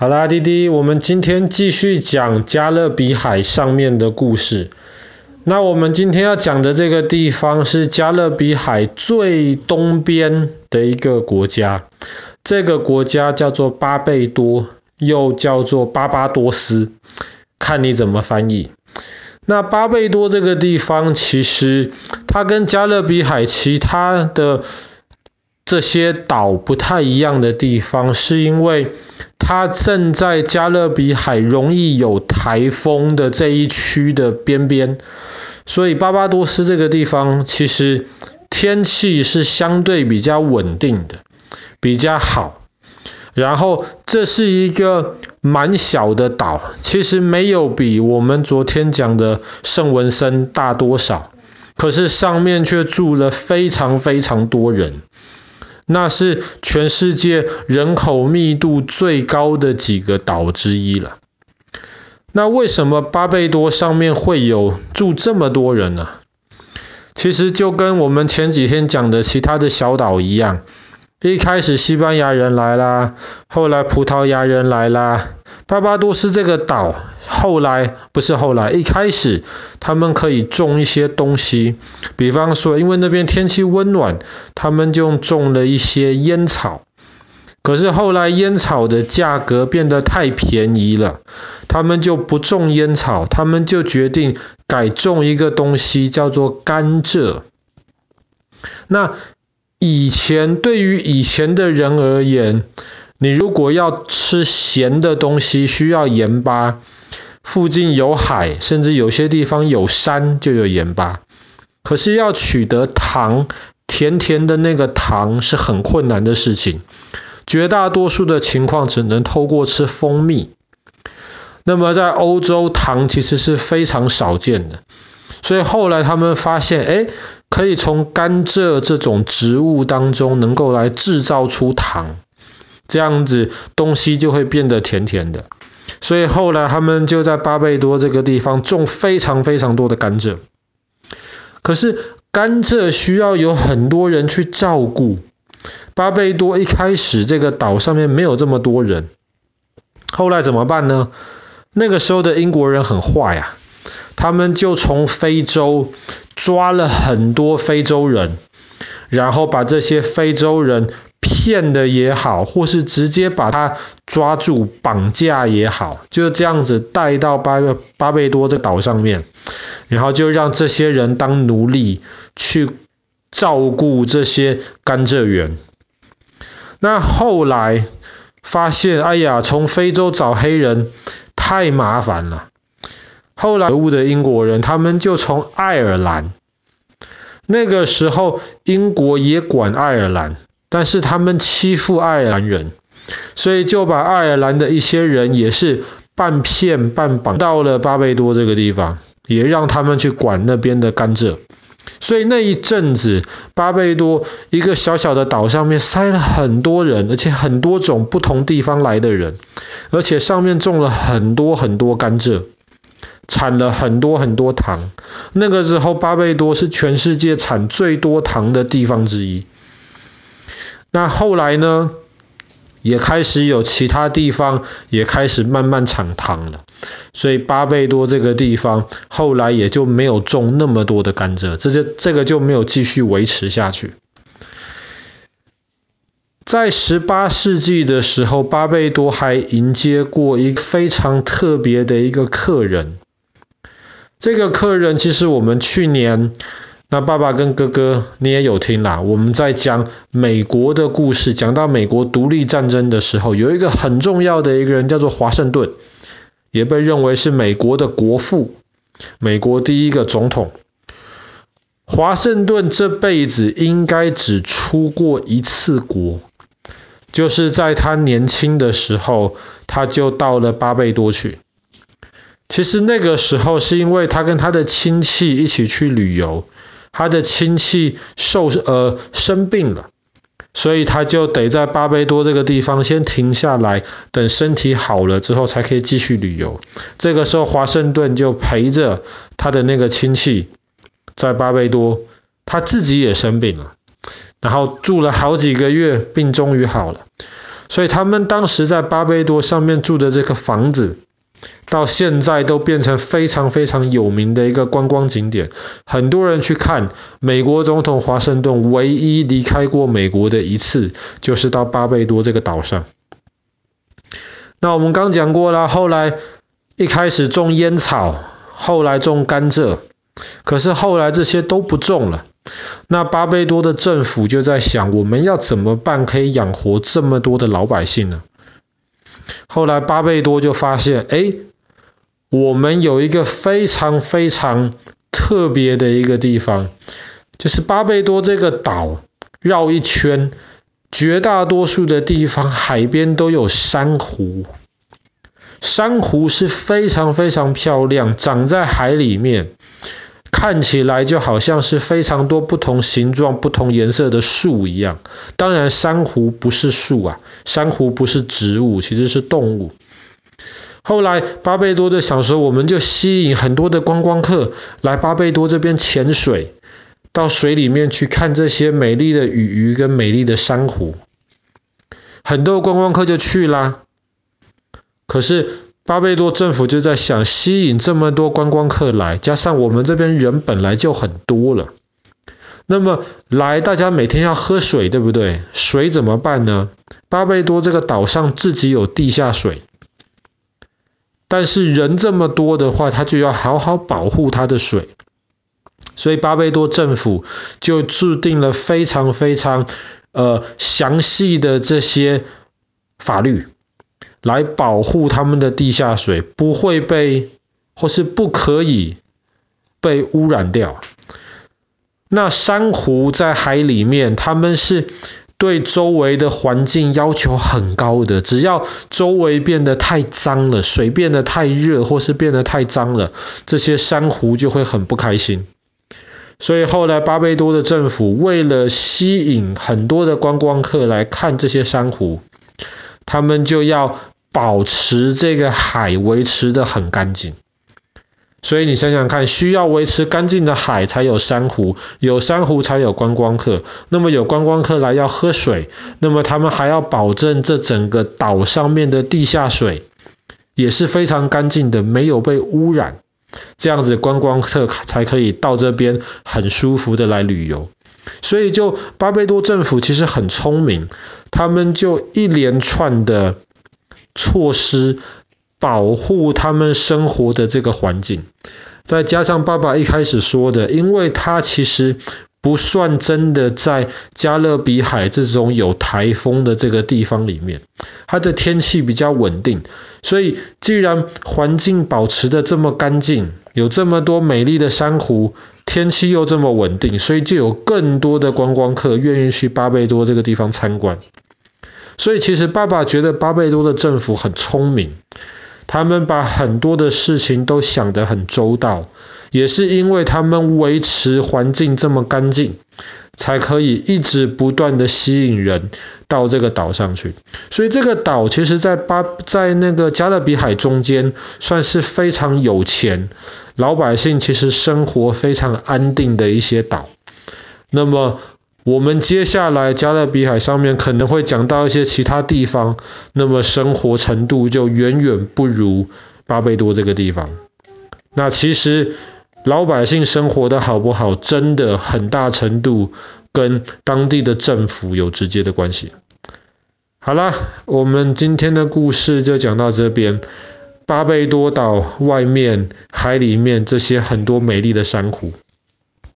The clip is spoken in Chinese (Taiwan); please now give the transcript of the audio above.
好啦，滴滴，我們今天繼續講加勒比海上面的故事。那我們今天要講的這個地方是加勒比海最東邊的一個國家，這個國家叫做巴貝多，又叫做巴巴多斯，看你怎麼翻譯。那巴貝多這個地方，其實它跟加勒比海其他的這些島不太一樣的地方，是因為。它正在加勒比海容易有颱風的這一區的邊邊，所以巴貝多這個地方其實天氣是相對比較穩定的，比較好。然後這是一個蠻小的島，其實沒有比我們昨天講的聖文森大多少，可是上面卻住了非常非常多人。那是全世界人口密度最高的幾個島之一了。那為什麼巴貝多上面會有住這麼多人呢？其實就跟我們前幾天講的其他的小島一樣，一開始西班牙人來啦，後來葡萄牙人來啦。巴巴多斯這個島，後來不是後來，一開始他們可以種一些東西，比方說，因為那邊天氣溫暖，他們就種了一些煙草。可是後來煙草的價格變得太便宜了，他們就不種煙草，他們就決定改種一個東西，叫做甘蔗。那以前對於以前的人而言，你如果要吃鹹的東西，需要鹽巴。附近有海，甚至有些地方有山就有鹽巴。可是要取得糖，甜甜的那個糖是很困難的事情。絕大多數的情況只能透過吃蜂蜜。那麼在歐洲，糖其實是非常少見的。所以後來他們發現，誒，可以從甘蔗這種植物當中能夠來製造出糖。這樣子東西就會變得甜甜的，所以後來他們就在巴貝多這個地方種非常非常多的甘蔗。可是甘蔗需要有很多人去照顧，巴貝多一開始這個島上面沒有這麼多人，後來怎麼辦呢？那個時候的英國人很壞呀、啊，他們就從非洲抓了很多非洲人，然後把這些非洲人。騙的也好，或是直接把他抓住、綁架也好，就這樣子帶到巴巴貝多這島上面，然後就讓這些人當奴隸去照顧這些甘蔗園。那後來發現，哎呀，從非洲找黑人太麻煩了。後來，物的英國人他們就從愛爾蘭，那個時候英國也管愛爾蘭。但是他們欺負愛爾蘭人，所以就把愛爾蘭的一些人也是半騙半綁到了巴貝多這個地方，也讓他們去管那邊的甘蔗。所以那一陣子，巴貝多一個小小的島上面塞了很多人，而且很多種不同地方來的人，而且上面種了很多很多甘蔗，產了很多很多糖。那個時候，巴貝多是全世界產最多糖的地方之一。那後來呢，也開始有其他地方也開始慢慢產糖了，所以巴貝多這個地方後來也就沒有種那麼多的甘蔗，這就這個就沒有繼續維持下去。在18世紀的時候，巴貝多還迎接過一個非常特別的一個客人，這個客人其實我們去年。那爸爸跟哥哥，你也有聽啦。我們在講美國的故事，講到美國獨立戰爭的時候，有一個很重要的一個人叫做華盛頓，也被認為是美國的國父，美國第一個總統。華盛頓這輩子應該只出過一次國，就是在他年輕的時候，他就到了巴貝多去。其實那個時候是因為他跟他的親戚一起去旅遊。他的親戚受呃，生病了，所以他就得在巴貝多這個地方先停下來，等身體好了之後才可以繼續旅遊。這個時候，華盛頓就陪着他的那個親戚在巴貝多，他自己也生病了，然後住了好幾個月，病終於好了。所以他們當時在巴貝多上面住的這個房子。到現在都變成非常非常有名的一個觀光景點，很多人去看。美國總統華盛頓唯一離開過美國的一次，就是到巴貝多這個島上。那我們剛講過了，後來一開始種菸草，後來種甘蔗，可是後來這些都不種了。那巴貝多的政府就在想，我們要怎麼辦可以養活這麼多的老百姓呢？後來巴貝多就發現，哎，我們有一個非常非常特別的一個地方，就是巴貝多這個島繞一圈，絕大多數的地方海邊都有珊瑚，珊瑚是非常非常漂亮，長在海裡面。看起來就好像是非常多不同形狀、不同顏色的樹一樣。當然，珊瑚不是樹啊，珊瑚不是植物，其實是動物。後來巴貝多就想說，我們就吸引很多的觀光客來巴貝多這邊潛水，到水裡面去看這些美麗的魚魚跟美麗的珊瑚，很多觀光客就去啦。可是巴貝多政府就在想吸引這麼多觀光客來，加上我們這邊人本來就很多了，那麼來大家每天要喝水，對不對？水怎麼辦呢？巴貝多這個島上自己有地下水，但是人這麼多的話，他就要好好保護他的水，所以巴貝多政府就制定了非常非常，呃，詳細的這些法律。來保護他們的地下水不會被，或是不可以被污染掉。那珊瑚在海裡面，他們是對周圍的環境要求很高的。只要周圍變得太髒了，水變得太熱，或是變得太髒了，這些珊瑚就會很不開心。所以後來巴貝多的政府為了吸引很多的觀光客來看這些珊瑚，他們就要。保持這個海維持得很乾淨，所以你想想看，需要維持乾淨的海才有珊瑚，有珊瑚才有觀光客，那麼有觀光客來要喝水，那麼他們還要保證這整個島上面的地下水也是非常乾淨的，沒有被污染，這樣子觀光客才可以到這邊很舒服的來旅遊。所以就巴貝多政府其實很聰明，他們就一連串的。措施保護他們生活的這個環境，再加上爸爸一開始說的，因為他其實不算真的在加勒比海這種有颱風的這個地方裡面，他的天氣比較穩定，所以既然環境保持得這麼乾淨，有這麼多美麗的珊瑚，天氣又這麼穩定，所以就有更多的觀光客願意去巴貝多這個地方參觀。所以其實爸爸覺得巴貝多的政府很聰明，他們把很多的事情都想得很周到，也是因為他們維持環境這麼乾淨，才可以一直不斷地吸引人到這個島上去。所以這個島其實，在巴在那個加勒比海中間，算是非常有錢，老百姓其實生活非常安定的一些島。那麼。我們接下來加勒比海上面可能會講到一些其他地方，那麼生活程度就遠遠不如巴貝多這個地方。那其實老百姓生活的好不好，真的很大程度跟當地的政府有直接的關係。好了，我們今天的故事就講到這邊。巴貝多島外面海裡面這些很多美麗的珊瑚。